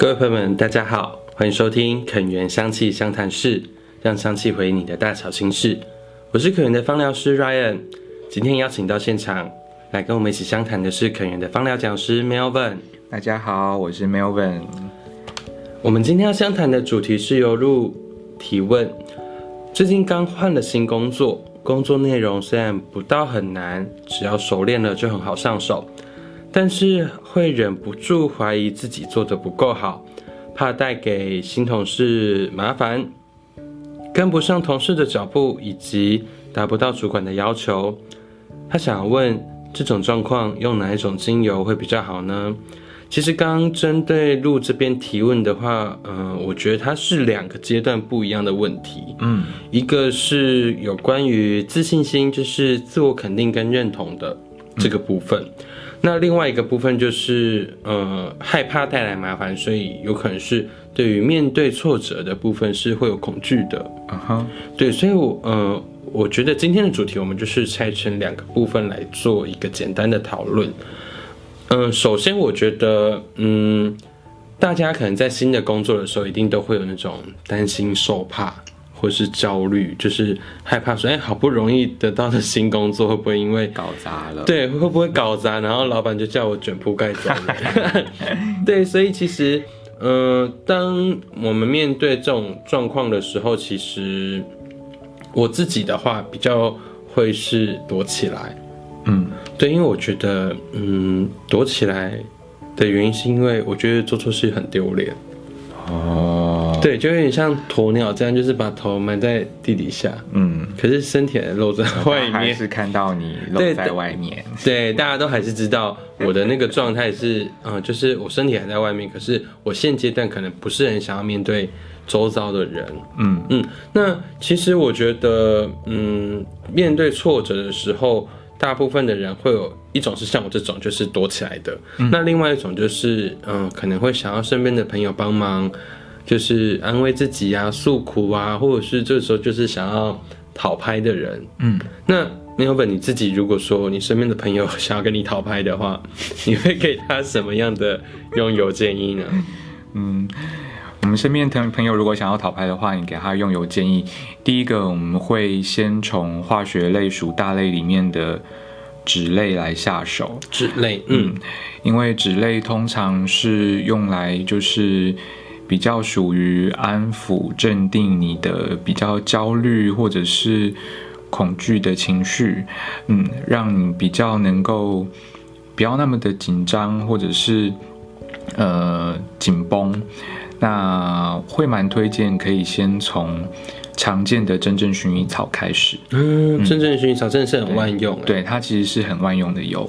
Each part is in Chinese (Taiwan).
各位朋友們，大家好，歡迎收聽《肯園香氣相談室》，讓香氣回應你的大小心事。我是肯園的芳療師 Ryan，今天邀請到現場來跟我們一起相談的是肯園的芳療講師 Melvin。大家好，我是 Melvin。我們今天要相談的主題是由 Rue 提問，最近剛換了新工作，工作內容雖然不到很難，只要熟練了就很好上手。但是會忍不住懷疑自己做得不夠好，怕帶給新同事麻煩，跟不上同事的腳步，以及達不到主管的要求。他想要問，這種狀況用哪一種精油會比較好呢？其實，剛剛針對 Rue 這邊提問的話，嗯、呃，我覺得它是兩個階段不一樣的問題。嗯，一個是有關於自信心，就是自我肯定跟認同的這個部分。嗯那另外一個部分就是，呃，害怕帶來麻煩，所以有可能是對於面對挫折的部分是會有恐懼的啊哈。Uh huh. 對，所以我呃，我覺得今天的主題我們就是拆成兩個部分來做一個簡單的討論。嗯、呃，首先我覺得，嗯，大家可能在新的工作的時候，一定都會有那種擔心受怕。或是焦慮，就是害怕說，哎、欸，好不容易得到的新工作會不會因為搞砸了？對，會不會搞砸？嗯、然後老闆就叫我捲鋪蓋走人。 對，所以其實，嗯、呃，當我們面對這種狀況的時候，其實我自己的話比較會是躲起來。嗯，對，因為我覺得，嗯，躲起來的原因是因為我覺得做錯事很丟臉。哦。對，就有點像鴕鳥這樣，就是把頭埋在地底下。嗯，可是身體還露在外面，還是看到你露在外面。對 對。對，大家都還是知道我的那個狀態是， 嗯，就是我身體還在外面，可是我現階段可能不是很想要面對周遭的人。嗯嗯，那其實我覺得，嗯，面對挫折的時候，大部分的人會有一種是像我這種，就是躲起來的。嗯，那另外一種就是，嗯，可能會想要身邊的朋友幫忙。就是安慰自己啊，訴苦啊，或者是這時候就是想要討拍的人。嗯，那 Melvin，你自己如果說你身邊的朋友想要跟你討拍的話，你會給他什麼樣的用油建議呢？嗯，我們身邊朋朋友如果想要討拍的話，你給他用油建議，第一個我們會先從化學類屬大類裡面的酯類來下手。酯類，嗯，嗯，因為酯類通常是用來就是。比較屬於安撫、鎮定你的比較焦慮或者是恐懼的情緒，嗯，讓你比較能夠不要那麼的緊張或者是呃緊繃。那會蠻推薦可以先從常見的真正薰衣草開始。嗯，真正薰衣草真的是很萬用，對，對它其實是很萬用的油。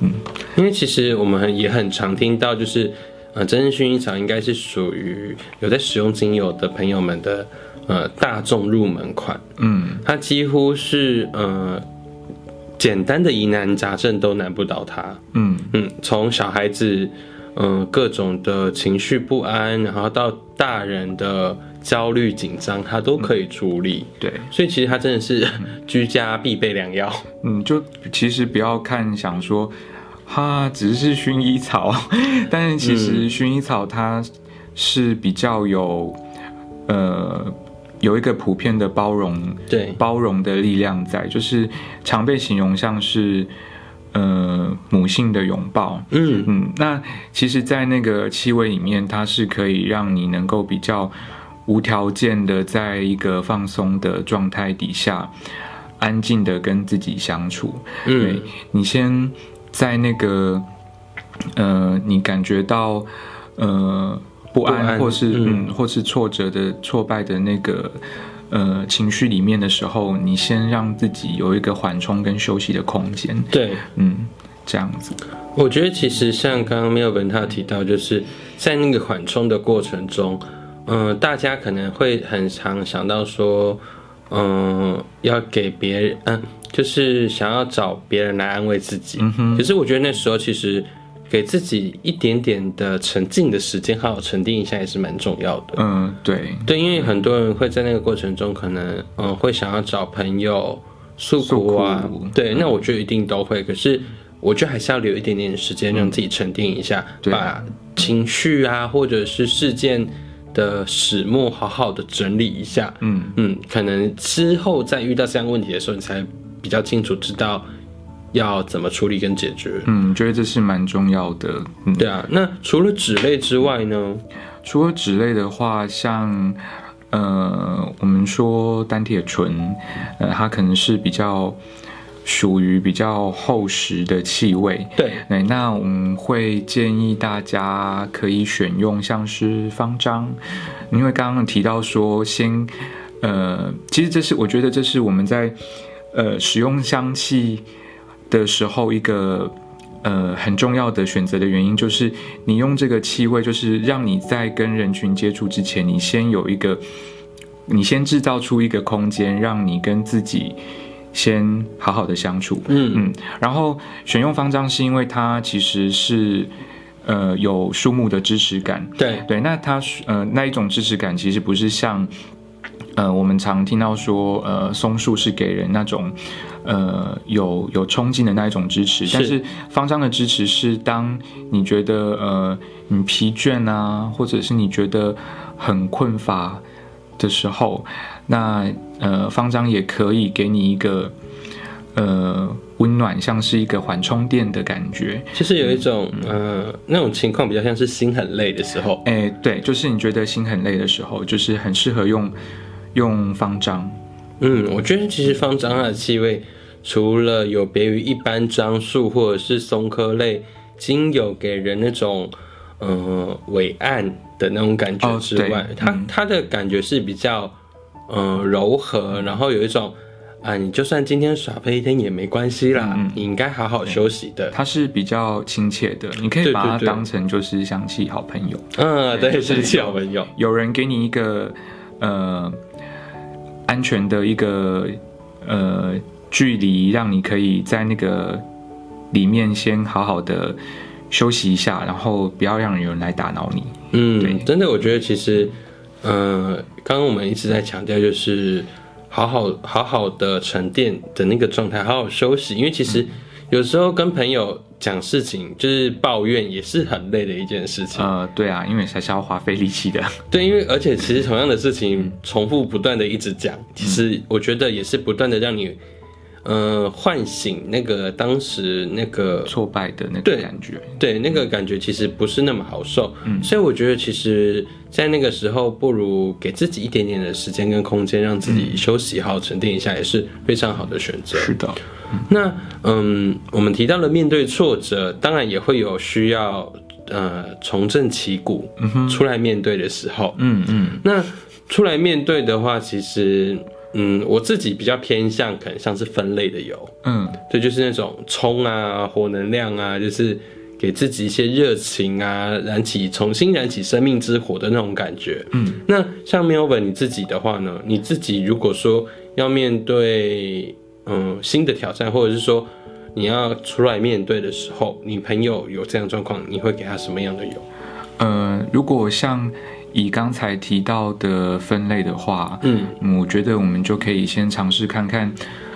嗯，因為其實我們也很，也很常聽到就是。呃，真正薰衣草應該是屬於有在使用精油的朋友們的，呃，大眾入門款。嗯，它幾乎是呃，簡單的疑難雜症都難不倒它。嗯嗯，從、嗯、小孩子，嗯、呃，各種的情緒不安，然後到大人的焦慮緊張，它都可以處理。嗯、對，所以其實它真的是居家必備良藥。嗯，就其實不要看想說。它只是薰衣草，但是其實薰衣草它是比較有，嗯、呃，有一個普遍的包容，對，包容的力量在，就是常被形容像是，呃，母性的擁抱。嗯嗯，那其實，在那個氣味裡面，它是可以讓你能夠比較無條件的，在一個放鬆的狀態底下，安靜的跟自己相處。嗯，對，你先。在那個，呃，你感覺到呃不安，不安或是嗯，或是挫折的挫敗的那個呃情緒裡面的時候，你先讓自己有一個緩衝跟休息的空間。對，嗯，這樣子。我覺得其實像剛剛 Melvin 他提到，就是在那個緩衝的過程中，嗯、呃，大家可能會很常想到說。嗯，要給別人，嗯，就是想要找別人來安慰自己。嗯哼。可是我覺得那時候其實，給自己一點點的沉靜的時間，好好沉澱一下也是蠻重要的。嗯，對。對，因為很多人會在那個過程中，可能嗯會想要找朋友訴苦啊。訴苦。對，那我覺得一定都會。可是，我覺得還是要留一點點時間讓自己沉澱一下，嗯，對啊。把情緒啊，或者是事件。的始末好好的整理一下，嗯嗯，可能之後再遇到相關問題的時候，你才比較清楚知道要怎麼處理跟解決。嗯，覺得這是蠻重要的。嗯、對啊，那除了酯類之外呢？除了酯類的話，像呃，我們說單萜醇，呃，它可能是比較。屬於比較厚實的氣味，對、欸，那我們會建議大家可以選用像是芳樟，因為剛剛提到說先，呃，其實這是我覺得這是我們在，呃，使用香氣的時候一個，呃，很重要的選擇的原因，就是你用這個氣味，就是讓你在跟人群接觸之前，你先有一個，你先制造出一個空間，讓你跟自己。先好好的相處，嗯嗯，然後選用芳樟是因為他其實是，呃，有樹木的支持感，對對，那他呃那一種支持感其實不是像，呃，我們常聽到說呃松樹是給人那種，呃有有衝勁的那一種支持，是，但是芳樟的支持是當你覺得呃你疲倦啊，或者是你覺得很困乏的時候，那。呃，芳樟也可以給你一個，呃，溫暖，像是一個緩衝墊的感覺。其實有一種，嗯、呃，那種情況比較像是心很累的時候。哎、欸，對，就是你覺得心很累的時候，就是很適合用用芳樟。嗯，我覺得其實芳樟它的氣味，除了有別於一般樟樹或者是松科類精油給人那種，呃，偉岸的那種感覺之外，哦對嗯、它它的感覺是比較。嗯，柔和，然後有一種，啊，你就算今天耍廢一天也沒關係啦，嗯嗯、你應該好好休息的。它是比較親切的，你可以把它當成就是想起好朋友，嗯，對，想起對好朋友有。有人給你一個，呃，安全的一個，呃，距離，讓你可以在那個裡面先好好的休息一下，然後不要讓人有人來打擾你。嗯，對真的，我覺得其實，呃。剛剛我們一直在強調，就是好好好好的沉澱的那個狀態，好好休息。因為其實有時候跟朋友講事情，就是抱怨也是很累的一件事情。呃，對啊，因為還是要花費力氣的。對，因為而且其實同樣的事情重複不斷的一直講，其實我覺得也是不斷的讓你。呃，喚醒那個當時那個挫敗的那個感覺，對，對那個感覺其實不是那麼好受。嗯，所以我覺得，其實，在那個時候，不如給自己一點點的時間跟空間，讓自己休息好、嗯、沉澱一下，也是非常好的選擇。是的。嗯、那，嗯，我們提到了面對挫折，當然也會有需要呃重振旗鼓、出來面對的時候。嗯，嗯嗯。那出來面對的話，其實。嗯，我自己比較偏向，可能像是分類的油，嗯，對，就、就是那種沖啊，火能量啊，就是給自己一些熱情啊，燃起重新燃起生命之火的那種感覺，嗯。那像 Melvin 你自己的話呢？你自己如果說要面對，嗯，新的挑戰，或者是說你要出來面對的時候，你朋友有這樣狀況，你會給他什麼樣的油？嗯、呃，如果像。比剛才提到的分類的話，嗯，我覺得我們就可以先嘗試看看，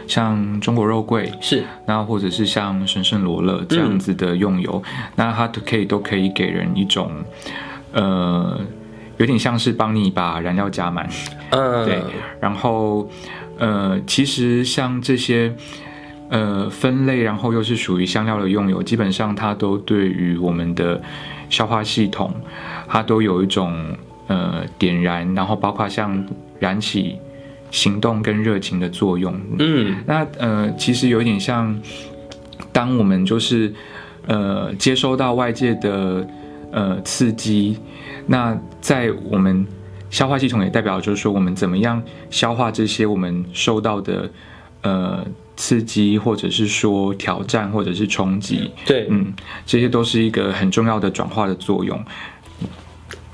像中國肉桂是那或者是像神聖羅勒這樣子的用油，嗯、那它都可以都可以給人一種，呃，有點像是幫你把燃料加滿，嗯、呃，對，然後呃，其實像這些呃分類，然後又是屬於香料的用油，基本上它都對於我們的消化系統，它都有一種。呃，點燃，然後包括像燃起行動跟熱情的作用。嗯，那呃，其實有一點像，當我們就是呃接收到外界的呃刺激，那在我們消化系統也代表，就是說我們怎麼樣消化這些我們受到的呃刺激，或者是說挑戰，或者是衝擊。對，嗯，這些都是一個很重要的轉化的作用。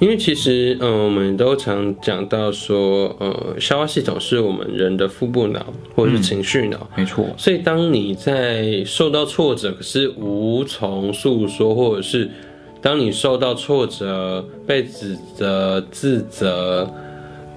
因為其實，嗯，我們都常講到說，呃、嗯，消化系統是我們人的腹部腦或者是情緒腦，嗯、沒錯。所以，當你在受到挫折，可是無從訴說，或者是當你受到挫折，被指責、自責。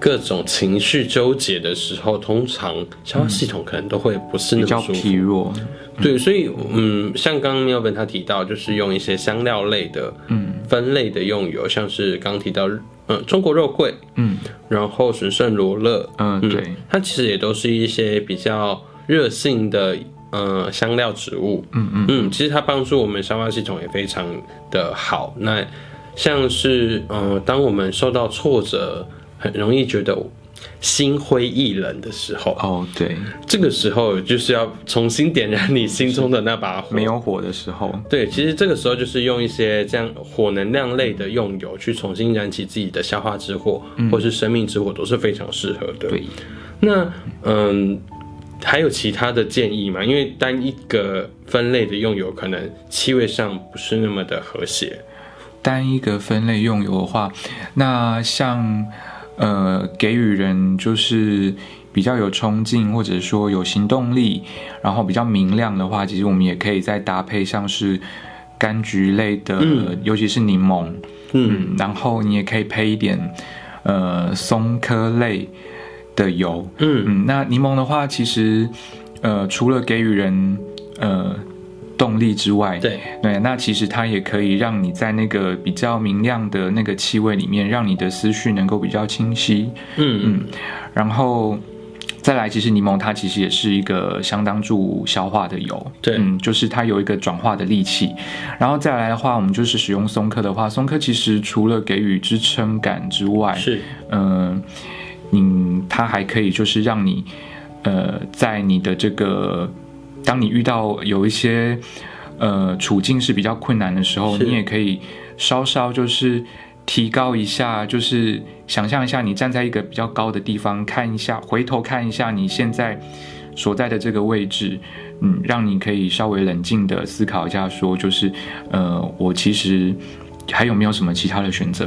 各種情緒糾結的時候，通常消化系統可能都會不是那麼舒服，嗯、比較疲弱。對，嗯、所以嗯，像剛剛 Melvin 他提到，就是用一些香料類的，嗯，分類的用油，嗯、像是剛提到，嗯，中國肉桂，嗯，然後神聖羅勒，嗯，嗯嗯對，它其實也都是一些比較熱性的，嗯、香料植物，嗯嗯嗯，其實它幫助我們消化系統也非常的好。那像是，呃、嗯，當我們受到挫折。很容易覺得心灰意冷的時候哦，oh, 對，這個時候就是要重新點燃你心中的那把火。沒有火的時候，對，其實這個時候就是用一些這樣火能量類的用油去重新燃起自己的消化之火，嗯、或是生命之火，都是非常適合的。對，那嗯，還有其他的建議嗎？因為單一個分類的用油，可能氣味上不是那麼的和諧。單一個分類用油的話，那像。呃，給予人就是比較有衝勁，或者說有行動力，然後比較明亮的話，其實我們也可以再搭配像是柑橘類的，嗯、尤其是檸檬。嗯，嗯，然後你也可以配一點呃松科類的油。嗯，嗯，嗯，那檸檬的話，其實呃除了給予人呃。動力之外，對對，那其實它也可以讓你在那個比較明亮的那個氣味裡面，讓你的思緒能夠比較清晰。嗯嗯，然後再來，其實檸檬它其實也是一個相當助消化的油。對、嗯，就是它有一個轉化的力氣。然後再來的話，我們就是使用松科的話，松科其實除了給予支撐感之外，是嗯，嗯、呃，它還可以就是讓你，呃，在你的這個。當你遇到有一些，呃，處境是比較困難的時候，是你也可以稍稍就是提高一下，就是想象一下，你站在一個比較高的地方看一下，回頭看一下你現在所在的這個位置，嗯，讓你可以稍微冷靜的思考一下說，說就是，呃，我其實還有沒有什麼其他的選擇，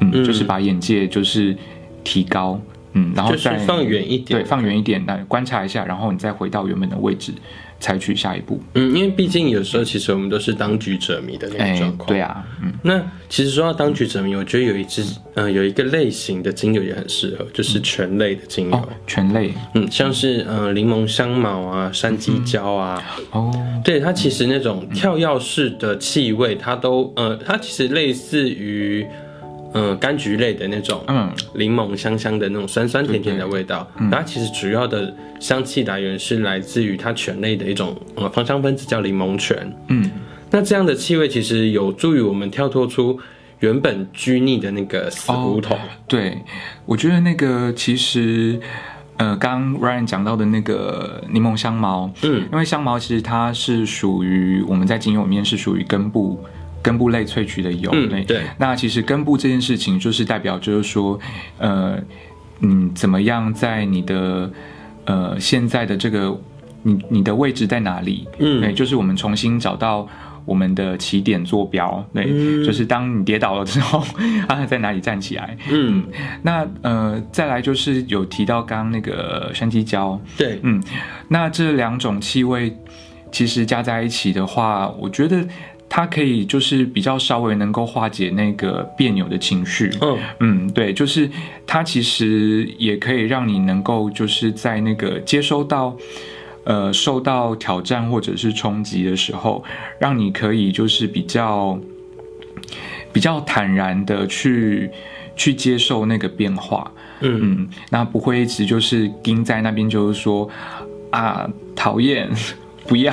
嗯，嗯就是把眼界就是提高。嗯，然後再就是放遠一點，對，對，放遠一點來觀察一下，然後你再回到原本的位置，採取下一步。嗯，因為畢竟有時候其實我們都是當局者迷的那種狀況。欸、對啊，嗯，那其實說到當局者迷，我覺得有一支嗯、呃，有一個類型的精油也很適合，就是醛類的精油。醛、哦、類，嗯，像是嗯檸、呃、檬香茅啊，山雞椒啊。哦、嗯。對它其實那種跳躍式的氣味，它都，呃，它其實類似於。嗯、呃，柑橘類的那種，嗯，檸檬香香的那種酸酸甜甜的味道，嗯，它其實主要的香氣來源是來自於它醛類的一種，呃、嗯，芳香分子叫檸檬醛。嗯，那這樣的氣味其實有助於我們跳脫出原本拘泥的那個死胡同。哦，對，我覺得那個其實，呃，剛 Ryan 講到的那個檸檬香茅，嗯，因為香茅其實它是屬於我們在精油裡面是屬於根部。根部類萃取的油，嗯、對，那其實根部這件事情就是代表，就是說，呃，你怎麼樣在你的，呃，現在的這個你，你的位置在哪裡？嗯，對，就是我們重新找到我們的起點坐標，對，嗯、就是當你跌倒了之後，啊，在哪裡站起來。嗯，嗯，那呃，再來就是有提到剛剛那個山雞椒，對，嗯，那這兩種氣味其實加在一起的話，我覺得。它可以就是比較稍微能夠化解那個別扭的情緒，oh. 嗯對，就是它其實也可以讓你能夠就是在那個接收到，呃，受到挑戰或者是衝擊的時候，讓你可以就是比較比較坦然的去去接受那個變化，嗯,嗯，那不會一直就是盯在那邊，就是說啊，討厭。不要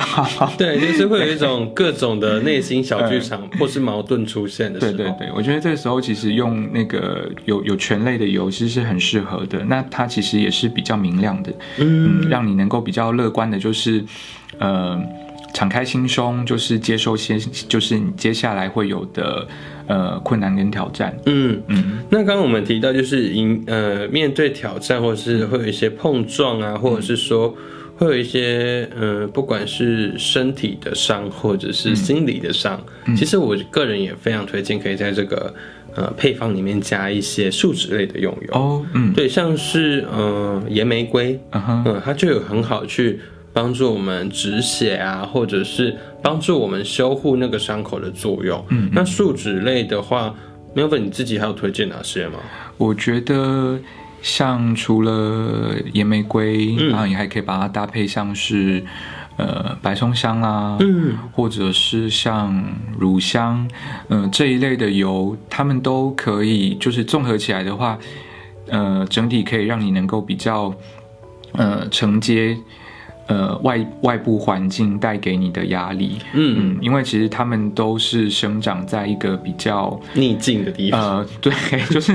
對，就是會有一種各種的內心小劇場或是矛盾出現的時候。對對對，我覺得這個時候其實用那個有有權類的油其實是很適合的。那它其實也是比較明亮的，嗯,嗯，讓你能夠比較樂觀的，就是呃，敞開心胸，就是接受先，就是你接下來會有的呃困難跟挑戰。嗯嗯。嗯那剛剛我們提到就是迎呃面對挑戰，或者是會有一些碰撞啊，或者是說。嗯會有一些，嗯、呃，不管是身體的傷或者是心理的傷，嗯嗯、其實我個人也非常推薦可以在這個、呃，配方裡面加一些樹脂類的用油。哦，嗯，對，像是，嗯、呃，岩玫瑰，嗯、uh huh, 呃，它就有很好去幫助我們止血啊，或者是幫助我們修護那個傷口的作用。嗯，那樹脂類的話 Melvin，你自己還有推薦哪些嗎？我覺得。像除了岩玫瑰，然後、嗯啊、你還可以把它搭配，像是，呃，白松香啦、啊，嗯、或者是像乳香，嗯、呃，這一類的油，它們都可以，就是綜合起來的話，呃，整體可以讓你能夠比較，呃，承接。呃，外外部環境帶給你的壓力，嗯，嗯，因為其實他們都是生長在一個比較逆境的地方，呃，對，就是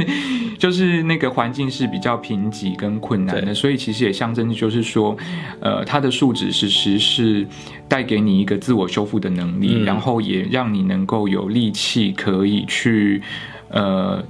就是那個環境是比較貧瘠跟困難的，對所以其實也象徵著就是說，呃，它的樹脂其實是帶給你一個自我修復的能力，嗯、然後也讓你能夠有力氣可以去，呃。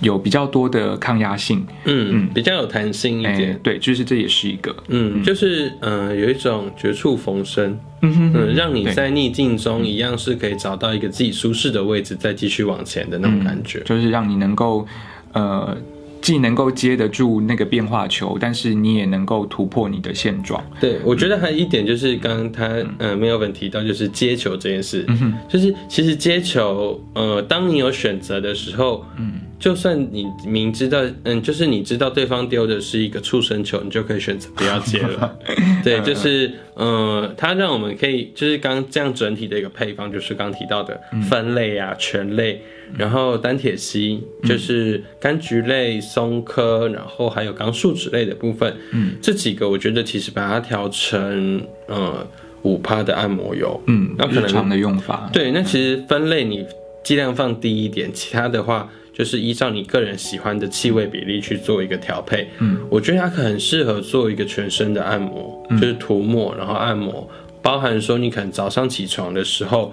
有比較多的抗壓性，嗯，嗯，比較有彈性一點，欸，對，就是這也是一個，嗯，嗯就是嗯、呃，有一種絕處逢生，嗯，哼哼嗯，讓你在逆境中一樣是可以找到一個自己舒適的位置，再繼續往前的那種感覺，嗯，就是讓你能夠，呃，既能夠接得住那個變化球，但是你也能夠突破你的現狀。對，我覺得還有一點就是剛剛他、嗯哼呃，Melvin 提到就是接球這件事，嗯、哼就是其實接球，呃，當你有選擇的時候，嗯。就算你明知道，嗯，就是你知道對方丟的是一個觸身球，你就可以選擇不要接了。 對，就是，呃，它讓我們可以，就是剛這樣整體的一個配方，就是剛提到的酚類啊、醛、嗯、類，然後單萜烯，嗯、就是柑橘類、松科，然後還有剛樹脂類的部分。嗯，這幾個我覺得其實把它調成，呃，五趴的按摩油。嗯，可能日常的用法。對，嗯、那其實酚類你盡量放低一點，其他的話。就是依照你個人喜歡的氣味比例去做一個調配，嗯，我覺得它很適合做一個全身的按摩，就是塗抹然後按摩，包含說你可能早上起床的時候，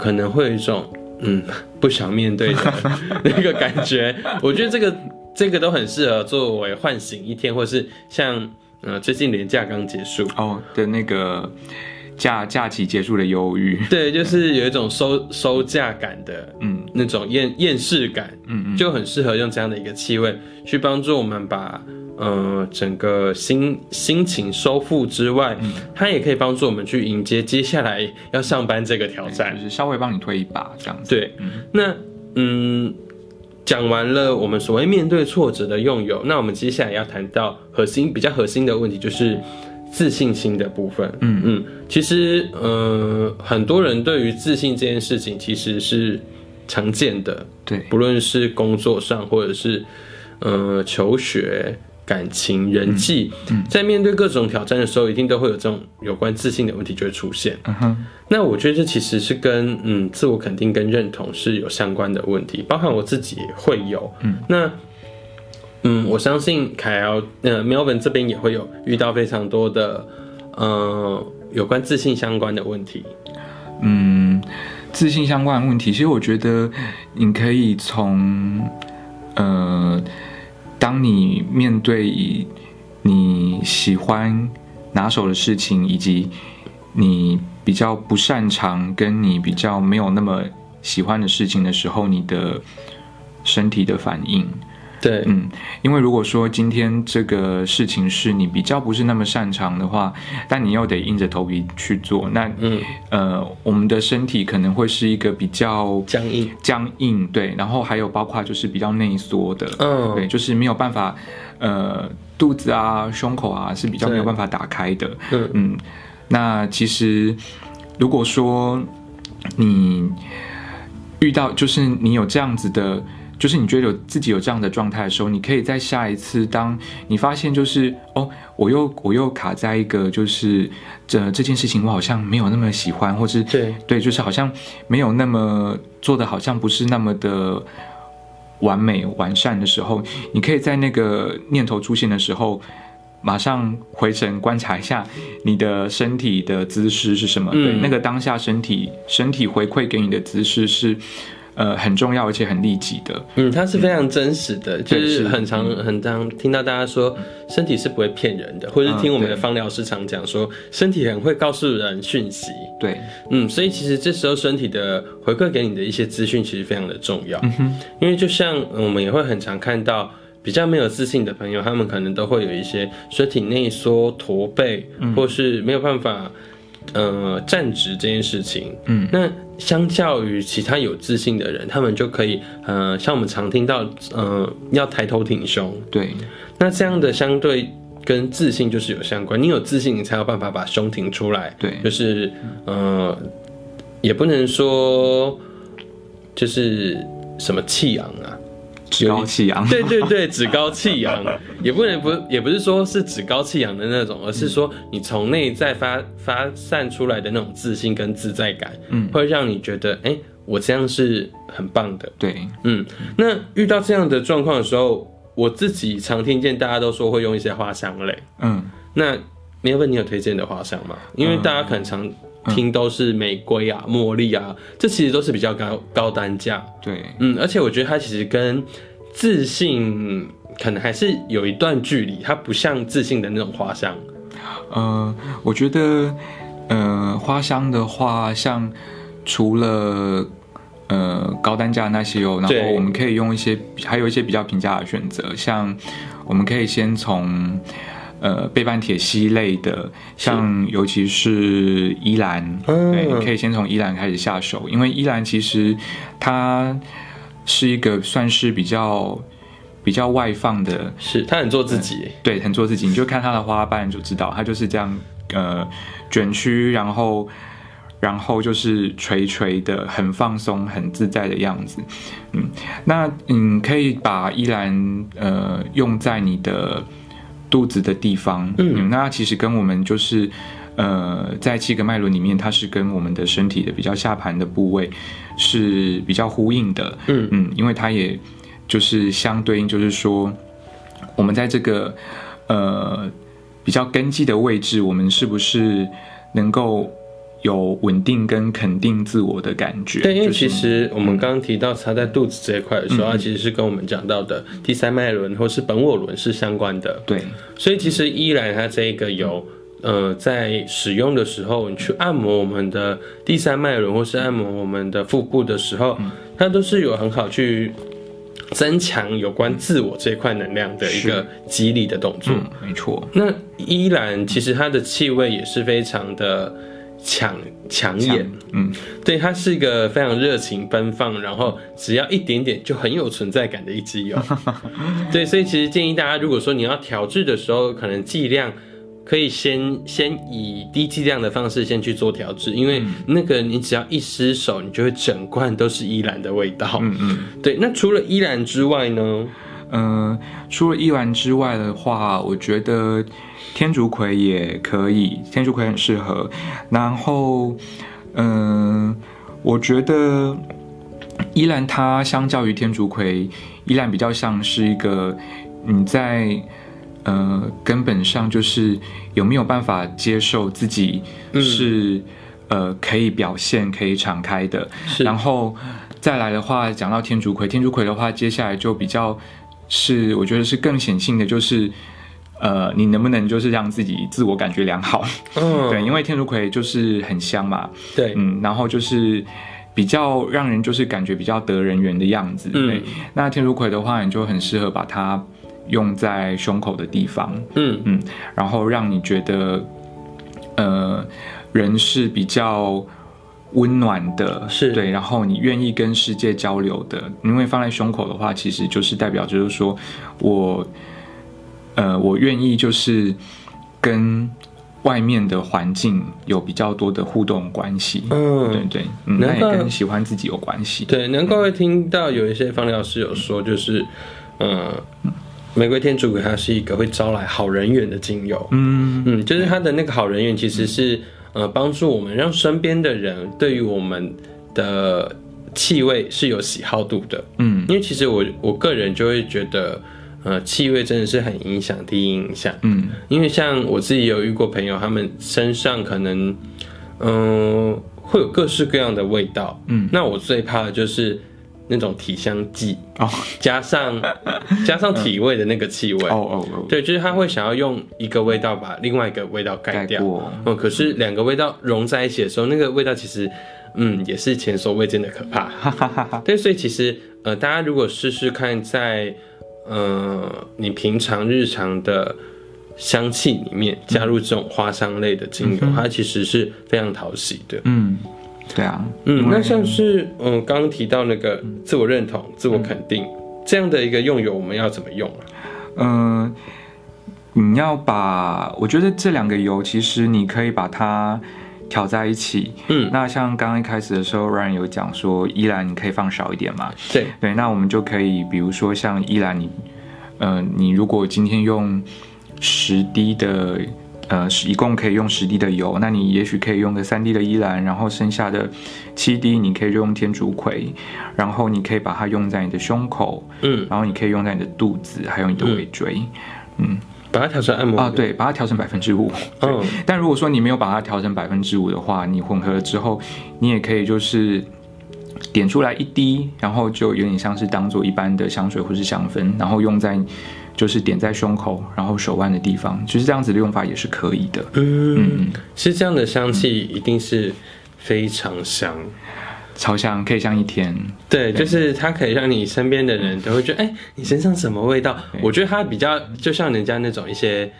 可能會有一種嗯不想面對的那個感覺，我覺得這個這個都很適合作為喚醒一天，或是像最近年假剛結束哦的那個，假假期結束的憂鬱，對，就是有一種收收假感的，嗯，那種厭厭世感，嗯嗯，嗯就很適合用這樣的一個氣味去幫助我們把，呃，整個心心情收復之外，嗯、它也可以幫助我們去迎接接下來要上班這個挑戰，就是稍微幫你推一把這樣子。對，那嗯，講、嗯、完了我們所謂面對挫折的用油，那我們接下來要談到核心比較核心的問題就是。自信心的部分，嗯嗯，其實，呃，很多人對於自信這件事情其實是常見的，對，不論是工作上，或者是，呃，求學、感情、人際，嗯嗯、在面對各種挑戰的時候，一定都會有這種有關自信的問題就會出現。嗯哼、uh-huh. 那我覺得這其實是跟，嗯，自我肯定跟認同是有相關的問題，包含我自己也會有，嗯，那。嗯，我相信凱爾，呃，呃 Melvin 這邊也會有遇到非常多的，呃，有關自信相關的問題。嗯，自信相關的問題，其實我覺得你可以從，呃，當你面對你喜歡、拿手的事情，以及你比較不擅長、跟你比較沒有那麼喜歡的事情的時候，你的身體的反應。對，嗯，因為如果說今天這個事情是你比較不是那麼擅長的話，但你又得硬着頭皮去做，那你，嗯、呃，我們的身體可能會是一個比較僵硬，僵硬，對，然後還有包括就是比較內縮的，嗯、哦，對，就是沒有辦法，呃，肚子啊、胸口啊是比較沒有辦法打開的，嗯，那其實如果說你遇到，就是你有這樣子的。就是你覺得有自己有這樣的狀態的時候，你可以在下一次，當你發現就是哦，我又我又卡在一個，就是這、呃、這件事情我好像沒有那麼喜歡，或是對對，就是好像沒有那麼做的，好像不是那麼的完美完善的時候，你可以在那個念頭出現的時候，馬上回神觀察一下你的身體的姿勢是什麼，嗯、對，那個當下身體身體回饋給你的姿勢是。呃，很重要而且很利己的。嗯，它是非常真實的，嗯、就是很常、嗯、很常聽到大家說身體是不會騙人的，嗯、或是聽我們的芳療師常講說身體很會告訴人訊息。對，嗯，所以其實這時候身體的回饋給你的一些資訊，其實非常的重要。嗯哼因為就像、嗯、我們也會很常看到比較沒有自信的朋友，他們可能都會有一些身體內縮、駝背，嗯、或是沒有辦法，呃，站直這件事情。嗯，那。相較於其他有自信的人，他們就可以，呃，像我們常聽到，呃，要抬頭挺胸。對，那這樣的相對跟自信就是有相關。你有自信，你才有辦法把胸挺出來。對，就是，呃，也不能說，就是什麼氣昂啊。趾有高氣揚，對對對，趾高氣揚， 也不能不，也不是說是趾高氣揚的那種，而是說你從內在發發散出來的那種自信跟自在感，嗯，會讓你覺得，哎、欸，我這樣是很棒的，對，嗯，那遇到這樣的狀況的時候，我自己常聽見大家都說會用一些花香類，嗯，那 Melvin，你有推薦的花香嗎？因為大家可能常。嗯聽都是玫瑰啊、茉莉啊，這其實都是比較高高單價。對，嗯，而且我覺得它其實跟自信可能還是有一段距離，它不像自信的那種花香。呃，我覺得，呃，花香的話，像除了呃高單價那些哦，然後我們可以用一些，還有一些比較平價的選擇，像我們可以先從。呃，倍半萜烯類的，像尤其是依蘭，是對，可以先從依蘭開始下手，嗯、因為依蘭其實它是一個算是比較比較外放的，是，它很做自己、呃，對，很做自己，你就看它的花瓣就知道，它就是這樣，呃，卷曲，然後然後就是垂垂的，很放鬆，很自在的樣子，嗯，那嗯，可以把依蘭，呃，用在你的。肚子的地方，嗯，那其實跟我們就是，呃，在七個脈輪裡面，它是跟我們的身體的比較下盤的部位是比較呼應的，嗯嗯，因為它也就是相對應，就是說，我們在這個呃比較根基的位置，我們是不是能夠。有穩定跟肯定自我的感覺。對，因為其實我們剛剛提到擦在肚子這一塊的時候，它、嗯啊、其實是跟我們講到的第三脈輪或是本我輪是相關的。對，所以其實依蘭它這個有、嗯、呃在使用的時候，你去按摩我們的第三脈輪或是按摩我們的腹部的時候，嗯、它都是有很好去增強有關自我這一塊能量的一個激勵的動作。嗯、沒錯。那依蘭其實它的氣味也是非常的。搶搶眼搶，嗯，對，它是一個非常熱情奔放，然後只要一點點就很有存在感的一支油，對，所以其實建議大家，如果說你要調製的時候，可能劑量可以先先以低劑量的方式先去做調製，因為那個你只要一失手，你就會整罐都是依蘭的味道，嗯嗯，對，那除了依蘭之外呢？嗯、呃，除了依蘭之外的話，我覺得天竺葵也可以，天竺葵很適合。然後，嗯、呃，我覺得依蘭它相較於天竺葵，依蘭比較像是一個你在呃根本上就是有沒有辦法接受自己是、嗯、呃可以表現可以敞開的。是然後再來的話，講到天竺葵，天竺葵的話，接下來就比較。是，我覺得是更顯性的，就是，呃，你能不能就是讓自己自我感覺良好？嗯，對，因為天竺葵就是很香嘛，對，嗯，然後就是比較讓人就是感覺比較得人緣的樣子。對，嗯，那天竺葵的話，你就很適合把它用在胸口的地方。嗯嗯，然後讓你覺得，呃，人是比較。溫暖的是對，然後你願意跟世界交流的，因為放在胸口的話，其實就是代表就是說我，呃，我願意就是跟外面的環境有比較多的互動關係、嗯。嗯，對對夠，那也跟喜歡自己有關係。對，能夠會聽到有一些芳療師有說，就是呃、嗯嗯，玫瑰天竺葵是一個會招來好人緣的精油。嗯嗯，就是它的那個好人緣其實是。嗯呃，幫助我們讓身邊的人對於我們的氣味是有喜好度的。嗯，因為其實我我個人就會覺得，呃，氣味真的是很影響第一印象。嗯，因為像我自己有遇過朋友，他們身上可能，嗯、呃，會有各式各樣的味道。嗯，那我最怕的就是。那種體香劑，oh. 加上加上體味的那個氣味，哦、 嗯 oh, oh, oh. 對，就是他會想要用一個味道把另外一個味道蓋掉過、嗯，可是兩個味道融在一起的時候，那個味道其實，嗯，也是前所未見的可怕，哈 對，所以其實，呃、大家如果試試看在，在呃你平常日常的香氣裡面加入這種花香類的精油，嗯、它其實是非常討喜的，嗯。對啊，嗯，嗯，那像是嗯剛剛提到那個自我認同、嗯、自我肯定、嗯、這樣的一個用油，我們要怎麼用嗯？啊呃，你要把我覺得這兩個油，其實你可以把它調在一起。嗯，那像剛剛一開始的時候，Ryan 有講說依蘭你可以放少一點嘛。對對，那我們就可以比如說像依蘭，你、呃、嗯，你如果今天用十滴的，呃，是一共可以用十滴的油，那你也許可以用個三滴的依蘭，然後剩下的七滴你可以用天竺葵，然後你可以把它用在你的胸口，嗯，然後你可以用在你的肚子，還有你的尾椎，嗯，嗯，把它調成按摩啊，對，把它調成百分之五。嗯，oh. 但如果說你沒有把它調成百分之五的話，你混合了之後，你也可以就是點出來一滴，然後就有點像是當做一般的香水或是香氛，然後用在。就是點在胸口，然後手腕的地方，就是這樣子的用法也是可以的。嗯，是這樣的香氣一定是非常香，嗯、超香，可以香一天。對，對就是它可以讓你身邊的人都會覺得，哎、欸，你身上什麼味道？對我覺得它比較就像人家那種一些，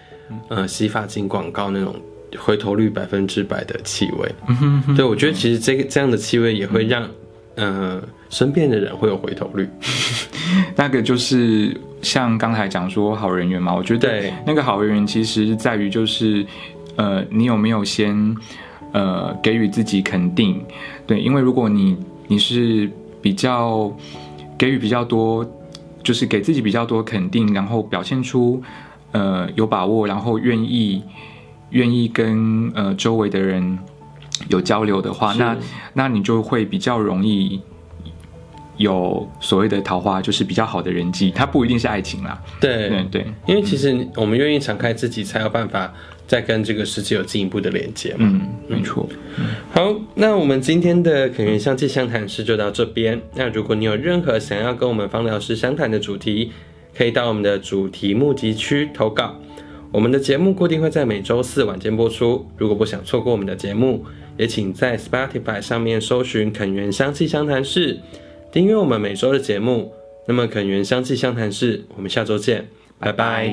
呃，洗髮精廣告那種回頭率百分之百的氣味。嗯、哼哼對，我覺得其實這個這樣的氣味也會讓，嗯哼。呃身邊的人會有回頭率， 那個就是像剛才講說好人緣嘛。我覺得那個好人緣其實是在於就是，呃，你有沒有先，呃，給予自己肯定，對，因為如果你你是比較給予比較多，就是給自己比較多肯定，然後表現出呃有把握，然後願意願意跟呃周圍的人有交流的話，是那那你就會比較容易。有所謂的桃花，就是比較好的人際，它不一定是愛情啦。對對對，因為其實我們願意敞開自己，才有辦法再跟這個世界有進一步的連接嘛。嗯，沒錯。嗯。好，那我們今天的肯園香氣相談室就到這邊。那如果你有任何想要跟我們芳療師相談的主題，可以到我們的主題募集區投稿。我們的節目固定會在每週四晚間播出。如果不想錯過我們的節目，也請在 Spotify 上面搜尋“肯園香氣相談室”。訂閱我們每周的節目，那麼肯園香氣相談室，我們下周見，拜拜。